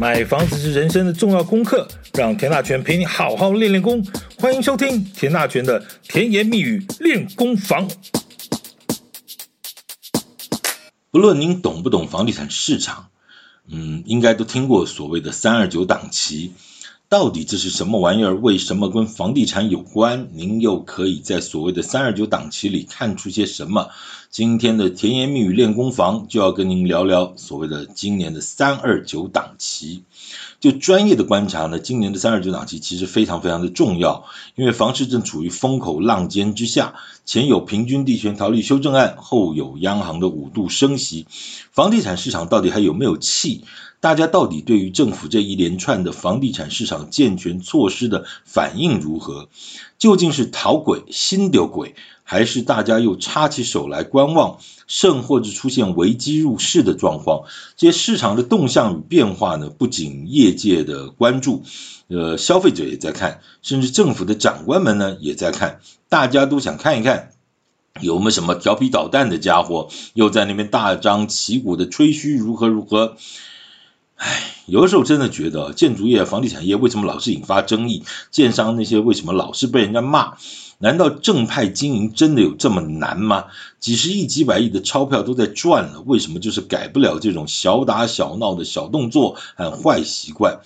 買房子是人生的重要功課，讓田大全陪你好好練練功。歡迎收聽田大全的甜言蜜語練功房。不論您懂不懂房地產市場，嗯，應該都聽過所謂的“三二九”檔期。到底這是什麼玩意兒？為什麼跟房地產有關？您又可以在所謂的三二九檔期裡看出些什麼？今天的甜言蜜語練功房就要跟您聊聊所謂的今年的三二九檔期。就專業的觀察呢，今年的三二九檔期其實非常非常的重要，因為房市正處於風口浪尖之下，前有平均地權條例修正案，後有央行的五度升息，房地產市場到底還有沒有氣？大家到底對於政府這一連串的房地產市場健全措施的反應如何？究竟是逃軌、新丟軌，還是大家又插起手來觀望，甚或者出現危機入市的狀況？這些市場的動向與變化呢？不僅業界的關注，呃，消費者也在看，甚至政府的長官們呢，也在看，大家都想看一看，有沒有什麼調皮搗蛋的家伙，又在那邊大張旗鼓的吹噓如何如何。唉，有的時候真的覺得建築業、房地產業為什麼老是引發爭議？建商那些為什麼老是被人家罵？難道正派經營真的有這麼難嗎？幾十億、幾百億的鈔票都在賺了，為什麼就是改不了這種小打小鬧的小動作、還有壞習慣？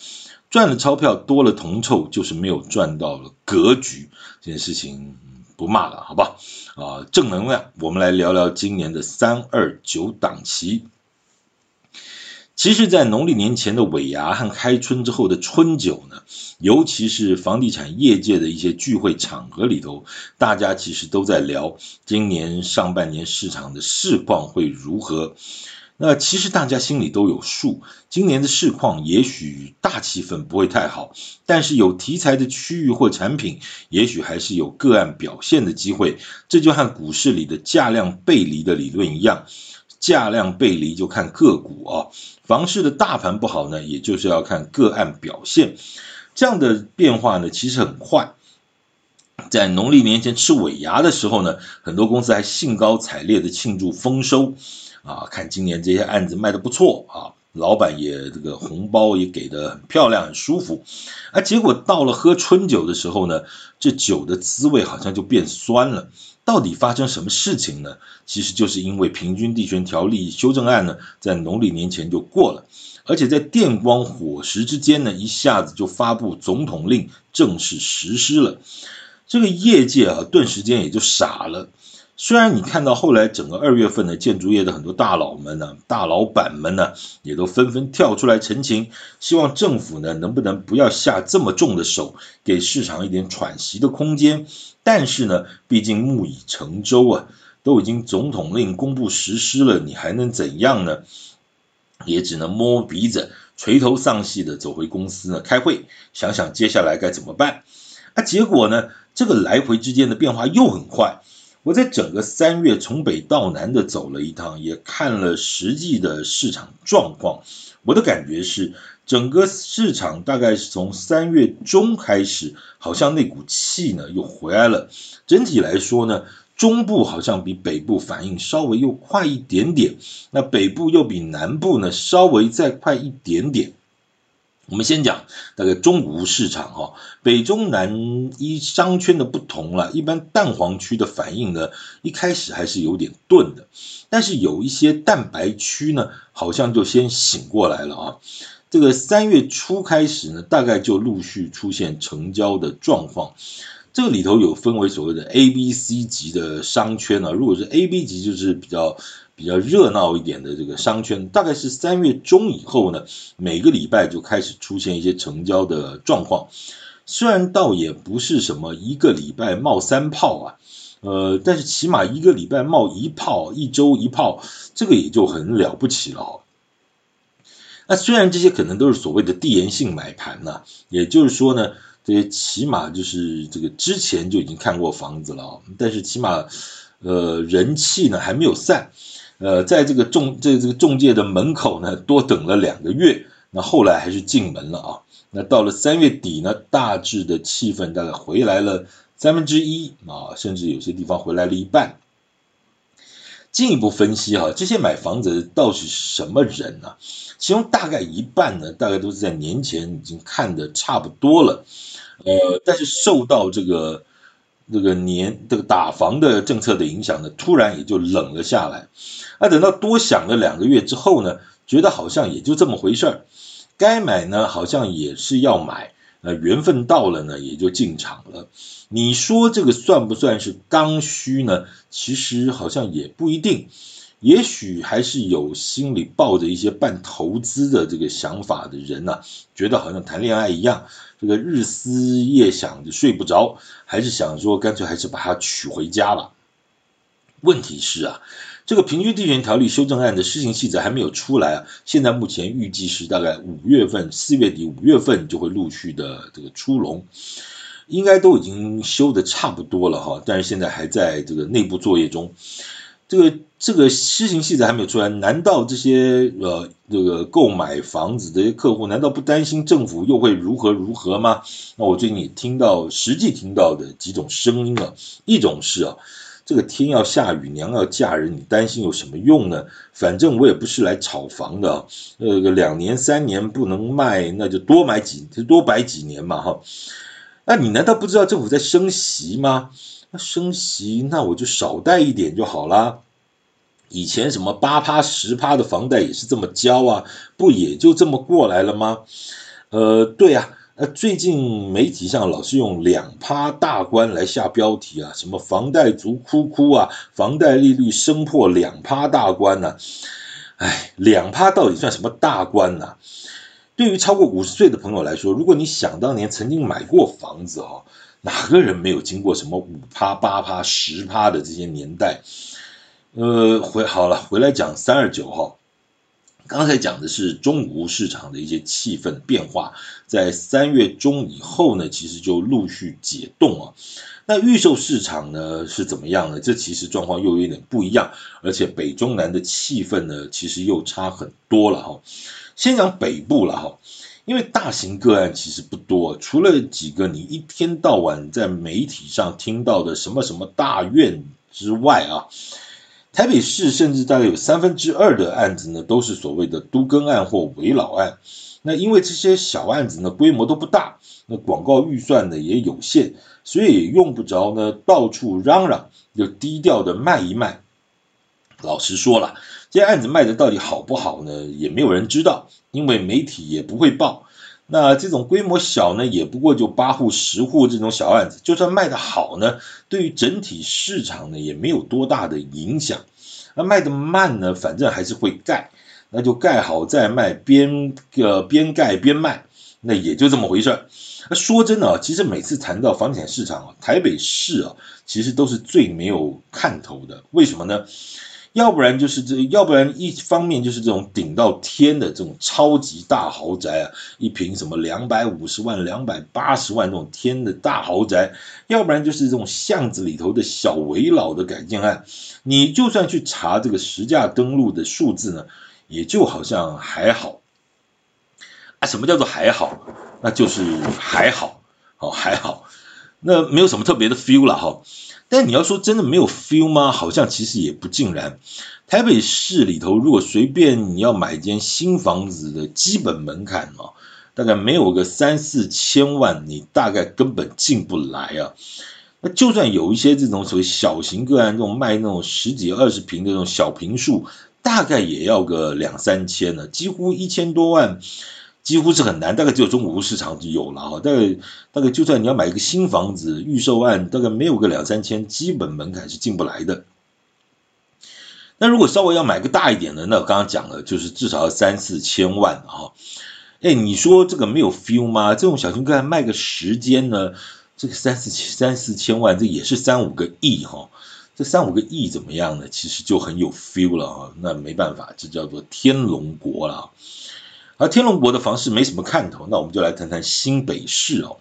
賺了鈔票多了，銅臭就是沒有賺到了格局。這件事情，不罵了，好吧？啊、呃，正能量，我們來聊聊今年的三二九檔期。其實在農曆年前的尾牙和開春之後的春酒呢，尤其是房地產業界的一些聚會場合裡頭，大家其實都在聊今年上半年市場的市況會如何。那其實大家心裡都有數，今年的市況也許大氣氛，不會太好，但是有題材的區域或產品，也許還是有個案表現的機會。這就和股市裡的價量背離的理論一樣。價量背離就看個股啊，房市的大盤不好呢，也就是要看個案表現。這樣的變化呢，其實很快。在農曆年前吃尾牙的時候呢，很多公司還興高采烈的慶祝豐收啊，看今年這些案子賣得不錯啊。老板也這個紅包也給得很漂亮很舒服，哎，結果到了喝春酒的時候呢，這酒的滋味好像就變酸了。到底發生什麼事情呢？其實就是因為《平均地權條例修正案》呢，在農曆年前就過了，而且在電光火石之間呢，一下子就發布總統令正式實施了。這個業界啊，頓時間也就傻了。雖然你看到後來整個二月份的建築業的很多大佬們呢、啊、大老闆們呢、啊，也都紛紛跳出來澄清，希望政府呢能不能不要下這麼重的手，給市場一點喘息的空間。但是呢，畢竟木已成舟啊，都已經總統令公布實施了，你還能怎樣呢？也只能摸鼻子、垂頭喪氣的走回公司呢，開會想想接下來該怎麼辦。啊，結果呢，這個來回之間的變化又很快。我在整個三月從北到南的走了一趟，也看了實際的市場狀況。我的感覺是，整個市場大概是從三月中開始，好像那股氣呢又回來了。整體來說呢，中部好像比北部反應稍微又快一點點，那北部又比南部呢稍微再快一點點。我們先講大概中古市場哈，北中南一商圈的不同了，一般蛋黃區的反應呢，一開始還是有點鈍的，但是有一些蛋白區呢，好像就先醒過來了啊。這個三月初開始呢，大概就陸續出現成交的狀況，這個裡頭有分為所謂的 A、B、C 級的商圈啊，如果是 A、B 級就是比較。比較熱鬧一點的這個商圈，大概是三月中以後呢，每個禮拜就開始出現一些成交的狀況。雖然倒也不是什麼一個禮拜冒三泡啊，呃，但是起碼一個禮拜冒一泡，一周一泡，這個也就很了不起了。那、啊、雖然這些可能都是所謂的遞延性買盤吶、啊，也就是說呢，這些起碼就是這個之前就已經看過房子了，但是起碼呃人氣呢還沒有散。呃，在這個仲，這這個仲、這個、介的門口呢，多等了兩個月，那後來還是進門了啊。那到了三月底呢，大致的氣氛大概回來了三分之一啊，甚至有些地方回來了一半。進一步分析哈、啊，這些買房子的到底是什麼人呢、啊？其中大概一半呢，大概都是在年前已經看得差不多了，呃，但是受到這個。這個年這個打房的政策的影響呢，突然也就冷了下來。那、啊、等到多想了兩個月之後呢，覺得好像也就這麼回事兒，該買呢好像也是要買，呃，緣分到了呢也就進場了。你說這個算不算是剛需呢？其實好像也不一定，也許還是有心裡抱着一些半投資的這個想法的人呢、啊，覺得好像談戀愛一樣。這個日思夜想就睡不着，還是想說乾脆還是把她娶回家了。問題是啊，這個《平均地權條例修正案》的施行細則還沒有出來啊。現在目前預計是大概五月份，四月底五月份就會陸續的這個出籠，應該都已經修的差不多了哈。但是現在還在這個內部作業中，這個。這個施行細則還沒有出來，難道這些呃這個購買房子這些客戶難道不擔心政府又會如何如何嗎？那我最近聽到實際聽到的幾種聲音啊，一種是啊這個天要下雨娘要嫁人，你擔心有什麼用呢？反正我也不是來炒房的呃，兩年三年不能賣，那就多買幾多擺幾年嘛哈。那你難道不知道政府在升息嗎？那升息那我就少貸一點就好啦。以前什麼八趴十趴的房貸也是這麼交啊，不也就這麼過來了嗎？呃，對啊，最近媒體上老是用兩趴大關來下標題啊，什麼房貸族哭哭啊，房貸利率升破兩趴大關吶、啊，哎，兩趴到底算什麼大關呢、啊？對於超過五十歲的朋友來說，如果你想當年曾經買過房子啊、哦，哪個人沒有經過什麼五趴八趴十趴的這些年代？呃，回好了，回來講三二九號。剛才講的是中古市場的一些氣氛變化，在三月中以後呢，其實就陸續解凍啊。那預售市場呢是怎麼樣呢？這其實狀況又有一點不一樣，而且北中南的氣氛呢，其實又差很多了哈。先講北部了哈，因為大型個案其實不多，除了幾個你一天到晚在媒體上聽到的什麼什麼大院之外啊。台北市甚至大概有三分之二的案子呢，都是所謂的都更案或危老案。那因為這些小案子呢，規模都不大，那廣告預算呢也有限，所以也用不着呢到處嚷嚷，就低調的賣一賣。老實說了，這些案子賣的到底好不好呢？也沒有人知道，因為媒體也不會報。那這種規模小呢，也不過就八戶十戶這種小案子，就算賣得好呢，對於整體市場呢也沒有多大的影響。那賣得慢呢，反正還是會蓋，那就蓋好再賣邊，邊呃邊蓋邊賣，那也就這麼回事。那說真的啊，其實每次談到房地產市場啊，台北市啊，其實都是最沒有看頭的，為什麼呢？要不然就是這，要不然一方面就是這種頂到天的這種超級大豪宅啊，一坪什麼兩百五十萬、兩百八十萬這種天的大豪宅；要不然就是這種巷子裡頭的小危老的改建案。你就算去查這個實價登錄的數字呢，也就好像還好啊。什麼叫做還好？那就是還好，哦還好，那沒有什麼特別的 feel 了哈。但你要說真的沒有 feel 嗎？好像其實也不盡然。台北市裡頭，如果隨便你要買一間新房子的基本門檻哦，大概沒有個三四千萬，你大概根本進不來啊。那就算有一些這種所謂小型個案，這種賣那種十幾二十坪的那種小坪數，大概也要個兩三千呢、啊，幾乎一千多萬。幾乎是很難，大概只有中古市場就有了哈，大概大概就算你要買一個新房子，預售案大概沒有個兩三千，基本門檻是進不來的。那如果稍微要買個大一點的，那我剛剛講了，就是至少要三四千萬哈、啊。哎，你說這個沒有 feel 嗎？這種小型個案還賣個時間呢，這個三四三四千萬，這也是三五個億哈、啊。這三五個億怎麼樣呢？其實就很有 feel 了哈、啊，那沒辦法，這叫做天龍國了。而天龍國的房市沒什麼看頭，那我們就來談談新北市哦。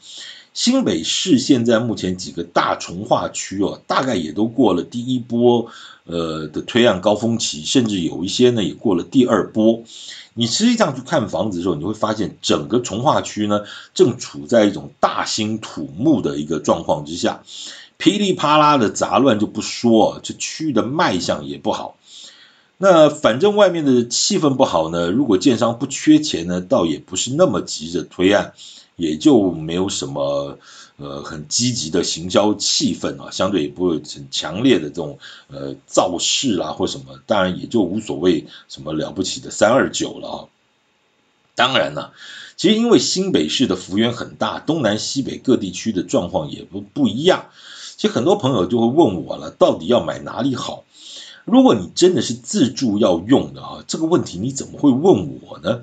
新北市現在目前幾個大重劃區哦，大概也都過了第一波呃的推案高峰期，甚至有一些呢也過了第二波。你實際上去看房子的時候，你會發現整個重劃區呢正處在一種大興土木的一個狀況之下，噼里啪啦的雜亂就不說，這區域的賣相也不好。那反正外面的氣氛不好呢，如果建商不缺錢呢，倒也不是那麼急着推案，也就沒有什麼呃很積極的行銷氣氛啊，相對也不會很強烈的這種呃造勢啊或什麼，當然也就無所謂什麼了不起的三二九了啊。當然了，其實因為新北市的幅員很大，東南西北各地區的狀況也不不一樣，其實很多朋友就會問我了，到底要買哪裡好？如果你真的是自住要用的啊，這個問題你怎麼會問我呢？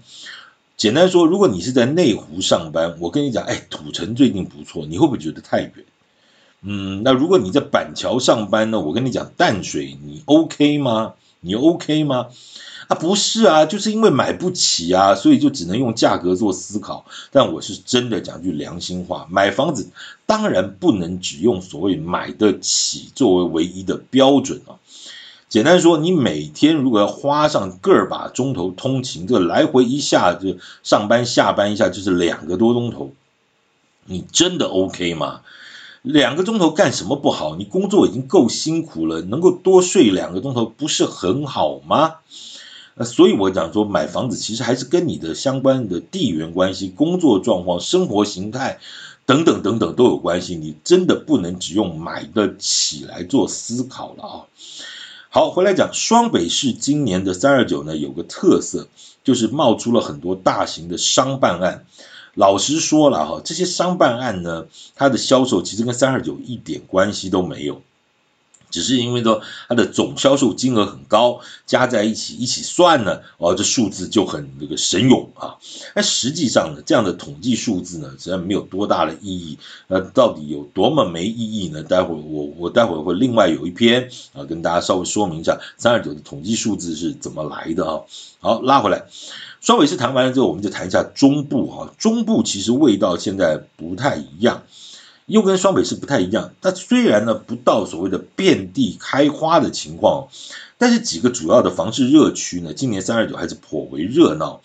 簡單說，如果你是在內湖上班，我跟你講，哎，土城最近不錯，你會不會覺得太遠？嗯，那如果你在板橋上班呢，我跟你講，淡水你 OK 嗎？你 OK 嗎？啊，不是啊，就是因為買不起啊，所以就只能用價格做思考。但我是真的講句良心話，買房子當然不能只用所謂買得起作為唯一的標準啊。簡單說，你每天如果要花上個把鐘頭通勤，這來回一下就上班下班一下就是兩個多鐘頭，你真的 OK 嗎？兩個鐘頭幹什麼不好？你工作已經夠辛苦了，能夠多睡兩個鐘頭不是很好嗎？那所以我講說，買房子其實還是跟你的相關的地緣關係、工作狀況、生活形態等等等等都有關係，你真的不能只用買得起來做思考了啊。好，回來講雙北市今年的三二九呢，有個特色，就是冒出了很多大型的商辦案。老實說了哈，這些商辦案呢，它的銷售其實跟三二九一點關係都沒有。只是因為說它的總銷售金額很高，加在一起一起算呢，哦，這數字就很那、這個神勇啊。那實際上呢，這樣的統計數字呢，實際上沒有多大的意義。那、呃、到底有多麼沒意義呢？待會兒我我待會兒會另外有一篇啊，跟大家稍微說明一下三二九的統計數字是怎麼來的啊。好，拉回來，雙北市談完了之後，我們就談一下中部啊。中部其實味道現在不太一樣。又跟雙北是不太一樣，它雖然呢不到所謂的遍地開花的情況，但是幾個主要的房市熱區呢，今年三二九還是頗為熱鬧。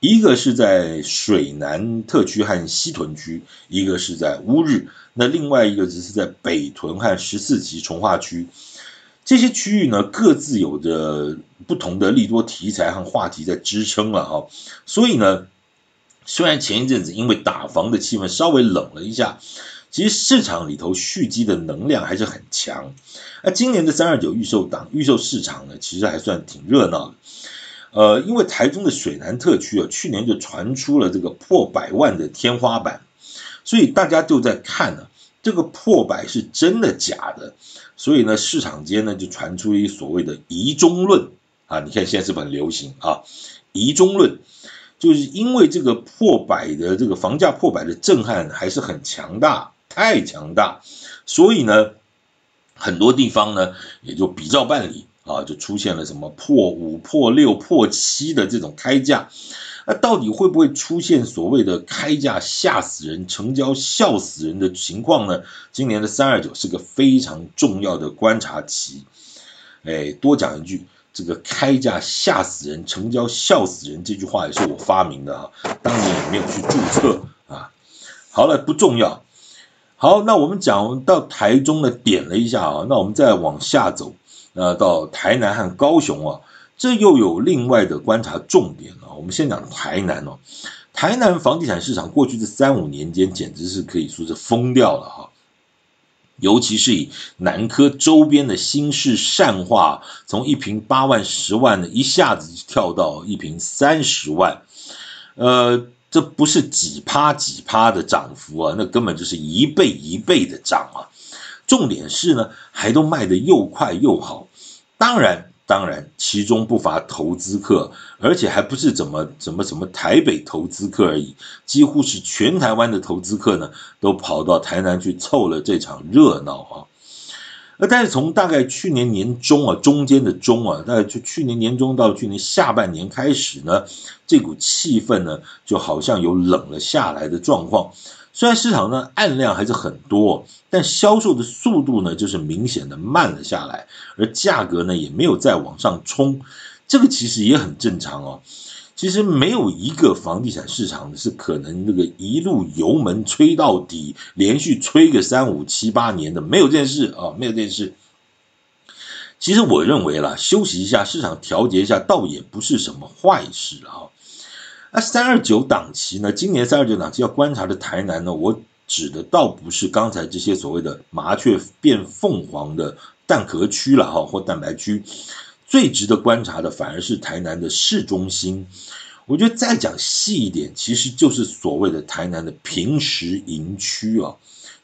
一個是在水南特區和西屯區，一個是在烏日，那另外一個則是在北屯和十四期重劃區。這些區域呢，各自有着不同的利多題材和話題在支撐了哈、哦，所以呢，雖然前一陣子因為打房的氣氛稍微冷了一下。其實市場裡頭蓄積的能量還是很強。那今年的三二九預售檔預售市場呢，其實還算挺熱鬧的。呃，因為台中的水湳特區啊，去年就傳出了這個破百萬的天花板，所以大家就在看呢，啊，這個破百是真的假的？所以呢，市場間呢就傳出一所謂的疑中論，啊，你看現在是不是很流行啊？疑中論，就是因為這個破百的這個房價破百的震撼還是很強大。太強大，所以呢，很多地方呢也就比照辦理啊，就出現了什麼破五、破六、破七的這種開價。那、啊、到底會不會出現所謂的開價嚇死人、成交笑死人的情況呢？今年的三二九是個非常重要的觀察期。哎，多講一句，這個開價嚇死人、成交笑死人這句話也是我發明的啊，當年也沒有去註冊啊。好了，不重要。好，那我們講到台中呢，點了一下啊，那我們再往下走，呃，到台南和高雄啊，這又有另外的觀察重點了，啊。我們先講台南哦，啊，台南房地產市場過去的三五年間，簡直是可以說是瘋掉了哈，啊，尤其是以南科周邊的新市善化，從一平八萬、十萬的，一下子就跳到一平三十萬，呃。這不是幾趴幾趴的漲幅啊，那根本就是一倍一倍的漲啊！重點是呢，還都賣得又快又好。當然，當然，其中不乏投資客，而且還不是怎麼怎麼怎麼台北投資客而已，幾乎是全台灣的投資客呢，都跑到台南去湊了這場熱鬧啊！那但是從大概去年年中啊，中間的中啊，大概去去年年中到去年下半年開始呢，這股氣氛呢就好像有冷了下來的狀況。雖然市場呢，案量還是很多，但銷售的速度呢就是明顯的慢了下來，而價格呢也沒有再往上衝。這個其實也很正常哦。其實沒有一個房地產市場是可能那個一路油門吹到底，連續吹個三五七八年的，沒有這件事啊、哦，沒有這件事。其實我認為啦，休息一下，市場調節一下，倒也不是什麼壞事啊。那、啊、三二九檔期呢？今年三二九檔期要觀察的台南呢，我指的倒不是剛才這些所謂的麻雀變鳳凰的蛋殼區了哈，或蛋白區。最值得觀察的反而是台南的市中心，我覺得再講細一點，其實就是所謂的台南的平實營區啊，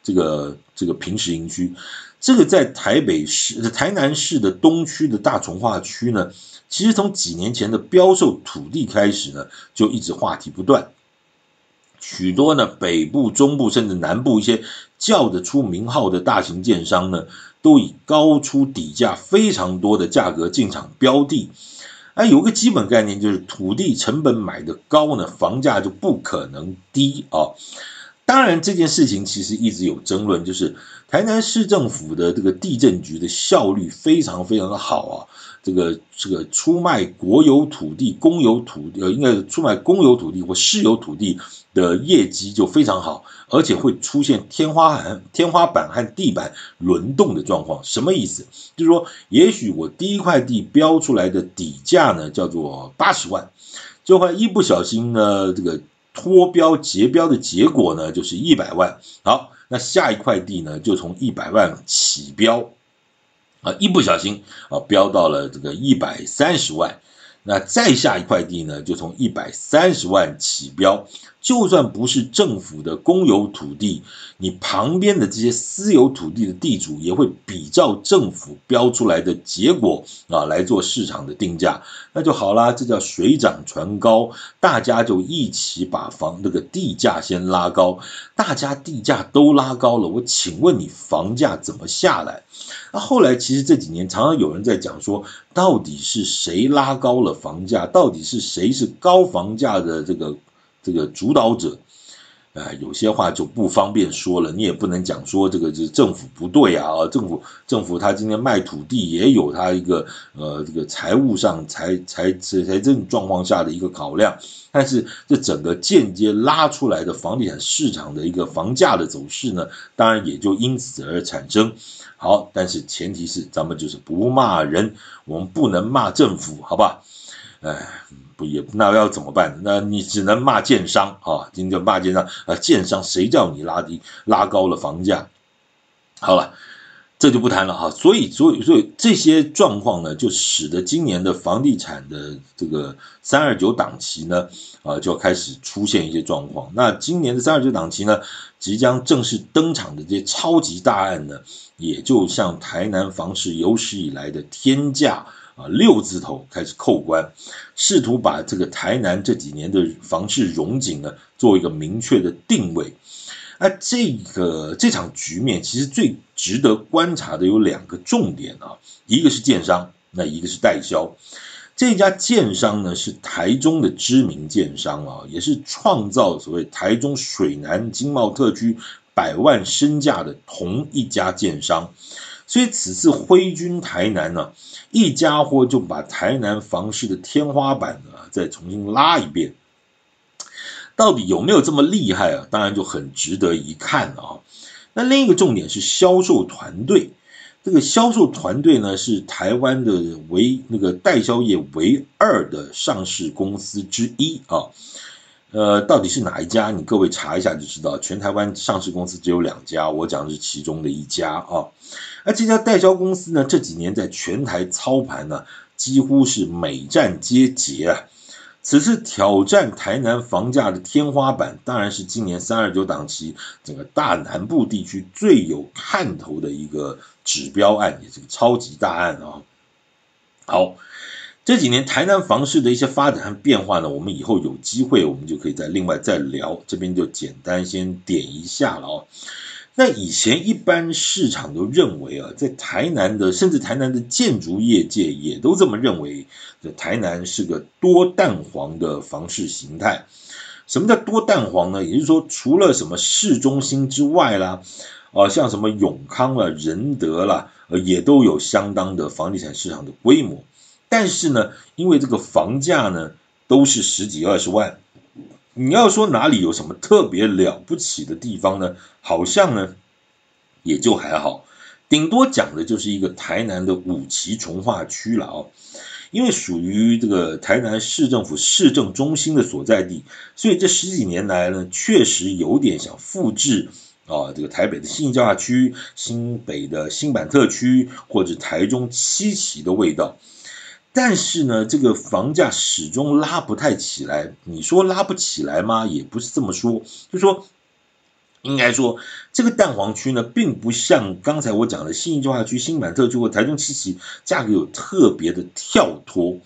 這個這個平實營區，這個在台北市、台南市的東區的大重劃區呢，其實從幾年前的標售土地開始呢，就一直話題不斷。許多呢，北部、中部甚至南部一些叫得出名號的大型建商呢，都以高出底價非常多的價格進場標地。哎，有個基本概念就是土地成本買得高呢，房價就不可能低啊。當然這件事情其實一直有爭論，就是台南市政府的這個地政局的效率非常非常的好啊。這個這個出賣國有土地、公有土地，呃，應該是出賣公有土地或市有土地的業績就非常好，而且會出現天花板、天花板和地板輪動的狀況。什麼意思？就是說，也許我第一塊地標出來的底價呢，叫做八十萬，就會一不小心呢，這個脫標結標的結果呢，就是一百萬。好，那下一塊地呢，就從一百萬起標。啊，一不小心啊，飆到了這個一百三十萬。那再下一塊地呢，就從一百三十萬起標，就算不是政府的公有土地，你旁邊的這些私有土地的地主也會比照政府標出來的結果啊，來做市場的定價，那就好啦，這叫水漲船高，大家就一起把房那個地價先拉高，大家地價都拉高了，我請問你房價怎麼下來？那後來其實這幾年常常有人在講說，到底是誰拉高了？房價到底是誰是高房價的這個這個主導者？哎，有些話就不方便說了，你也不能講說，這個就是政府不對啊，啊，政府政府他今天賣土地也有他一個呃這個財務上財財財，財政狀況下的一個考量，但是這整個間接拉出來的房地產市場的一個房價的走勢呢，當然也就因此而產生。好，但是前提是咱們就是不罵人，我們不能罵政府，好吧？哎，不也那要怎麼辦？那你只能罵建商啊！今天罵建商啊，建商誰叫你拉低、拉高了房價？好了，這就不談了哈、啊。所以，所以，所以這些狀況呢，就使得今年的房地產的這個三二九檔期呢，啊，就開始出現一些狀況。那今年的三二九檔期呢，即將正式登場的這些超級大案呢，也就像台南房市有史以來的天價。啊，六字頭開始扣關，試圖把這個台南這幾年的房市榮景呢，做一個明確的定位。那、啊、這個這場局面，其實最值得觀察的有兩個重點啊，一個是建商，那一個是代銷。這家建商呢，是台中的知名建商啊，也是創造所謂台中水湳經貿特區百萬身價的同一家建商。所以此次揮軍台南呢，一家伙就把台南房市的天花板呢，再重新拉一遍，到底有沒有這麼厲害啊？當然就很值得一看了啊。那另一個重點是銷售團隊，這個銷售團隊呢，是台灣的唯那個代銷業唯二的上市公司之一啊。呃，到底是哪一家？你各位查一下就知道。全台灣上市公司只有兩家，我講的是其中的一家啊。而這家代銷公司呢，這幾年在全台操盤呢，幾乎是每戰皆捷啊。此次挑戰台南房價的天花板，當然是今年三二九檔期，整個大南部地區最有看頭的一個指標案，也是個超級大案啊。好。這幾年台南房市的一些發展和變化呢，我們以後有機會，我們就可以再另外再聊。這邊就簡單先點一下了哦。那以前一般市場都認為啊，在台南的，甚至台南的建築業界也都這麼認為，台南是個多蛋黃的房市形態。什麼叫多蛋黃呢？也就是說，除了什麼市中心之外啦，啊、呃，像什麼永康啦、仁德啦，呃，也都有相當的房地產市場的規模。但是呢，因為這個房價呢都是十幾二十萬，你要說哪裡有什麼特別了不起的地方呢？好像呢也就還好，頂多講的就是一個台南的五期重劃區了哦，因為屬於這個台南市政府市政中心的所在地，所以這十幾年來呢，確實有點想複制啊、呃、這個台北的信義計畫區、新北的新板特區或者台中七期的味道。但是呢，這個房價始終拉不太起來。你說拉不起來嗎？也不是這麼說，就說應該說這個蛋黃區呢，並不像剛才我講的信義計劃區、新板特區和台中七期價格有特別的跳脫。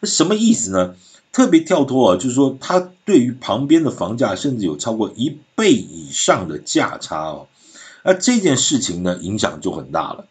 那什麼意思呢？特別跳脫啊，就是說它對於旁邊的房價，甚至有超過一倍以上的價差哦、啊。那這件事情呢，影響就很大了。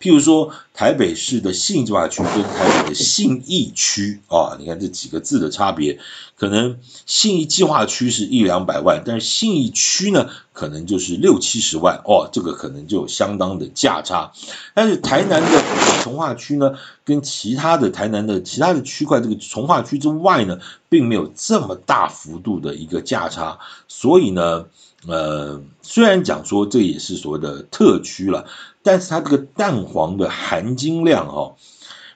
譬如說，台北市的信義計劃區跟台北的信義區啊、哦，你看這幾個字的差別，可能信義計劃區是一兩百萬，但是信義區呢，可能就是六七十萬，哦，這個可能就有相當的價差。但是台南的重劃區呢，跟其他的台南的其他的區塊，這個重劃區之外呢，並沒有這麼大幅度的一個價差，所以呢。呃，雖然講說這也是所謂的特區了，但是它這個蛋黃的含金量哦，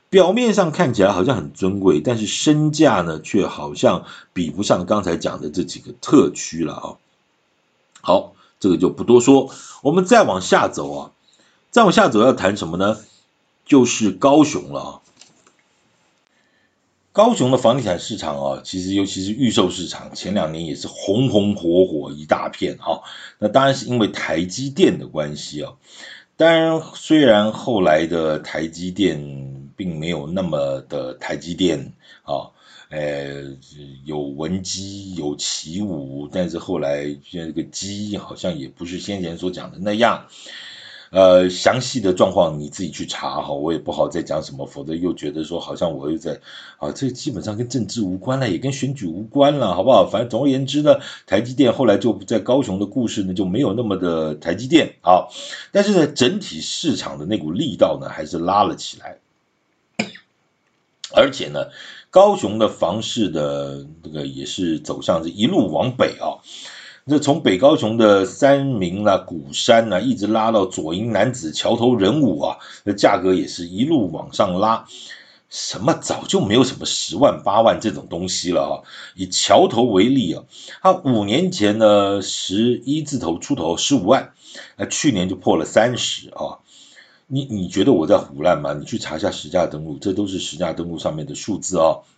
表面上看起來好像很尊貴，但是身價呢卻好像比不上剛才講的這幾個特區了啊、哦。好，這個就不多說，我們再往下走啊，再往下走要談什麼呢？就是高雄了啊、哦。高雄的房地產市場啊，其實尤其是預售市場，前兩年也是紅紅火火一大片啊。那當然是因為台積電的關係啊。當然雖然後來的台積電並沒有那麼的台積電啊，呃、有聞雞有起舞，但是後來像這個雞好像也不是先前所講的那樣。呃，詳細的狀況你自己去查哈，我也不好再講什麼，否則又覺得說好像我又在啊，這基本上跟政治無關了，也跟選舉無關了，好不好？反正總而言之呢，台積電後來就在高雄的故事呢就沒有那麼的台積電啊，但是呢，整體市場的那股力道呢還是拉了起來，而且呢，高雄的房市的那、這個也是走向這一路往北啊。這從北高雄的三民啊、鼓山啊，一直拉到左營楠梓橋頭仁武啊，那價格也是一路往上拉。什麼早就沒有什麼十萬八萬這種東西了啊！以橋頭為例啊，它五年前呢，十一字頭出頭十五萬，那去年就破了三十啊。你你覺得我在胡亂嗎？你去查一下實價登錄，這都是實價登錄上面的數字哦、啊。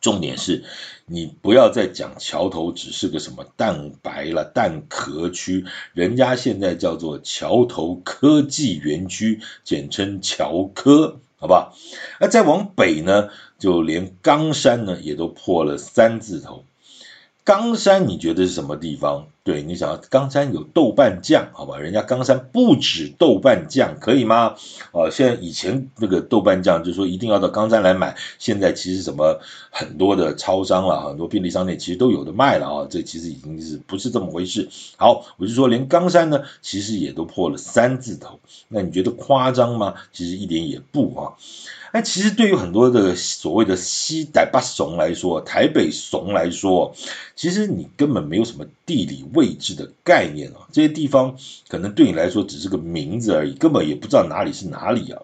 重點是，你不要再講橋頭只是個什麼蛋白了蛋殼區，人家現在叫做橋頭科技園區，簡稱橋科，好不好？那再往北呢，就連岡山呢，也都破了三字頭。岡山，你覺得是什麼地方？對你想要，岡山有豆瓣醬，好吧，人家岡山不止豆瓣醬，可以嗎？啊、呃，現在以前那個豆瓣醬，就是說一定要到岡山來買，現在其實什麼很多的超商啦，很多便利商店其實都有的賣了啊，這其實已經是不是這麼回事。好，我就說，連岡山呢，其實也都破了三字頭，那你覺得誇張嗎？其實一點也不啊。哎，其實對於很多的所謂的西台北慫來說，台北慫來說，其實你根本沒有什麼地理位置的概念啊，這些地方可能對你來說只是個名字而已，根本也不知道哪裡是哪裡啊。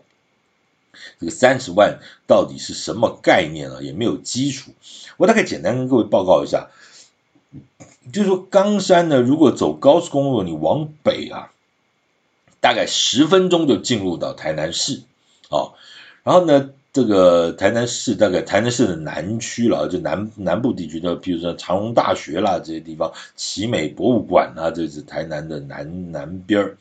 這個三十萬到底是什麼概念啊？也沒有基礎。我大概簡單跟各位報告一下，就是說岡山呢，如果走高速公路，你往北啊，大概十分鐘就進入到台南市啊，哦，然後呢。這個台南市大概台南市的南區了，啊，就南南部地區的，比如說長榮大學啦這些地方，奇美博物館啊，這是台南的南南邊兒。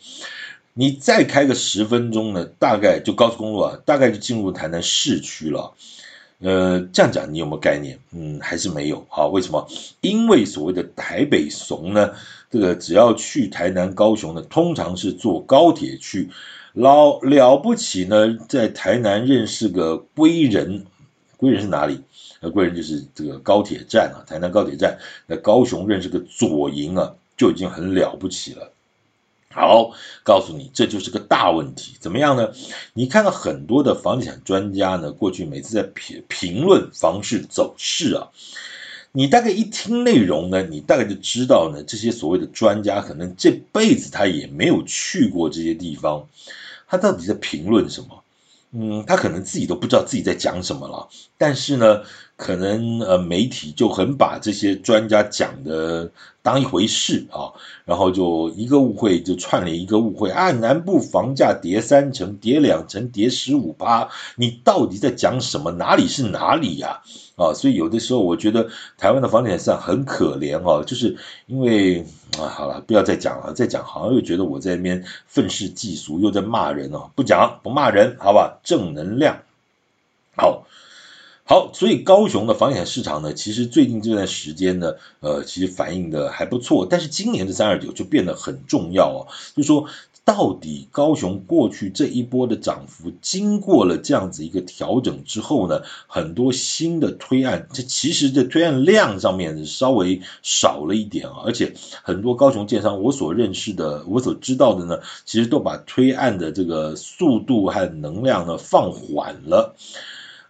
你再開個十分鐘呢，大概就高速公路啊，大概就進入台南市區了。呃，這樣講你有沒有概念？嗯，還是沒有啊？為什麼？因為所謂的台北俗呢，這個只要去台南高雄呢，通常是坐高鐵去。老了不起呢，在台南認識個歸仁，歸仁是哪裡？呃歸仁就是這個高鐵站啊，台南高鐵站。那高雄認識個左營啊，就已經很了不起了。好，告訴你，這就是個大問題。怎麼樣呢？你看到很多的房地產專家呢，過去每次在評評論房市走勢啊，你大概一聽內容呢，你大概就知道呢，這些所謂的專家可能這輩子他也沒有去過這些地方。他到底在評論什麼？嗯，他可能自己都不知道自己在講什麼了。但是呢，可能呃媒體就很把這些專家講的當一回事啊，然後就一個誤會就串了一個誤會啊，南部房價跌三成，跌兩成，跌十五趴，你到底在講什麼？哪裡是哪裡呀？啊？啊，所以有的時候我覺得台灣的房地產市場很，很可憐哦，啊，就是因為啊，好了，不要再講了，再講好像又覺得我在那邊憤世嫉俗，又在罵人哦，啊，不講不罵人，好吧，正能量，好。好，所以高雄的房地產市場呢，其實最近這段時間呢，呃，其實反應的還不錯。但是今年的三二九就變得很重要哦，就是說，到底高雄過去這一波的漲幅，經過了這樣子一個調整之後呢，很多新的推案，這其實這推案量上面稍微少了一點啊、哦，而且很多高雄建商，我所認識的，我所知道的呢，其實都把推案的這個速度和能量呢放緩了。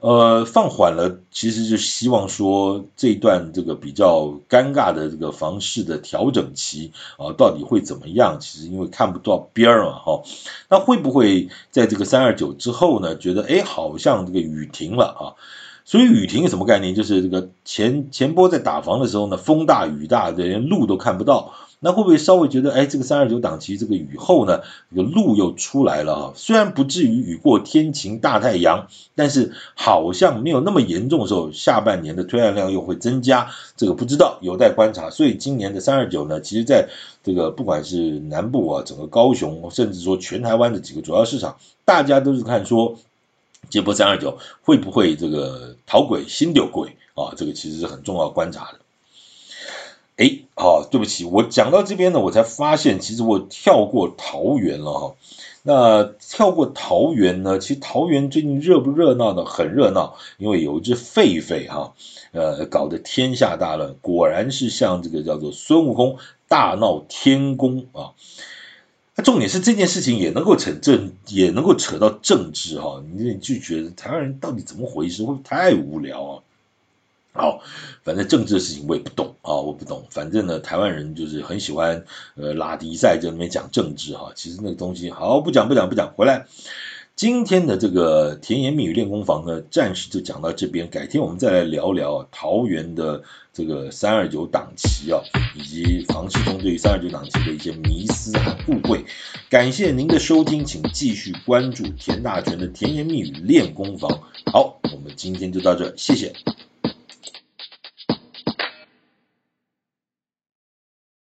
呃，放緩了，其實就希望說這段這個比較尷尬的這個房市的調整期啊，到底會怎麼樣？其實因為看不到邊兒嘛，哈，那會不會在這個三二九之後呢？覺得誒，好像這個雨停了啊？所以雨停有什麼概念？就是這個前前波在打房的時候呢，風大雨大，的連路都看不到。那會不會稍微覺得，哎，這個三二九檔期這個雨後呢，這個路又出來了啊？雖然不至於雨過天晴大太陽，但是好像沒有那麼嚴重的時候，下半年的推案量又會增加，這個不知道有待觀察。所以今年的三二九呢，其實在這個不管是南部啊，整個高雄，甚至說全台灣的幾個主要市場，大家都是看說這波三二九會不會這個逃鬼新流鬼啊？這個其實是很重要觀察的。哎，好、哦，對不起，我講到這邊呢，我才發現其實我跳過桃園了哈。那跳過桃園呢，其實桃園最近熱不熱鬧呢？很熱鬧，因為有一只狒狒哈，呃，搞得天下大亂。果然是像這個叫做孫悟空大鬧天宮啊。重點是這件事情也能夠扯政，也能夠扯到政治哈、啊。你就覺得台灣人到底怎麼回事？會不會太無聊啊？好，反正政治的事情我也不懂啊、哦，我不懂。反正呢，台灣人就是很喜歡呃喇低賽，在那邊講政治哈、哦。其實那個東西，好不講不講不講，回來今天的這個甜言蜜語練功房呢，暫時就講到這邊，改天我們再來聊聊桃園的這個三二九檔期啊、哦，以及房市中對於三二九檔期的一些迷思和誤會。感謝您的收聽，請繼續關注田大全的甜言蜜語練功房。好，我們今天就到這，謝謝。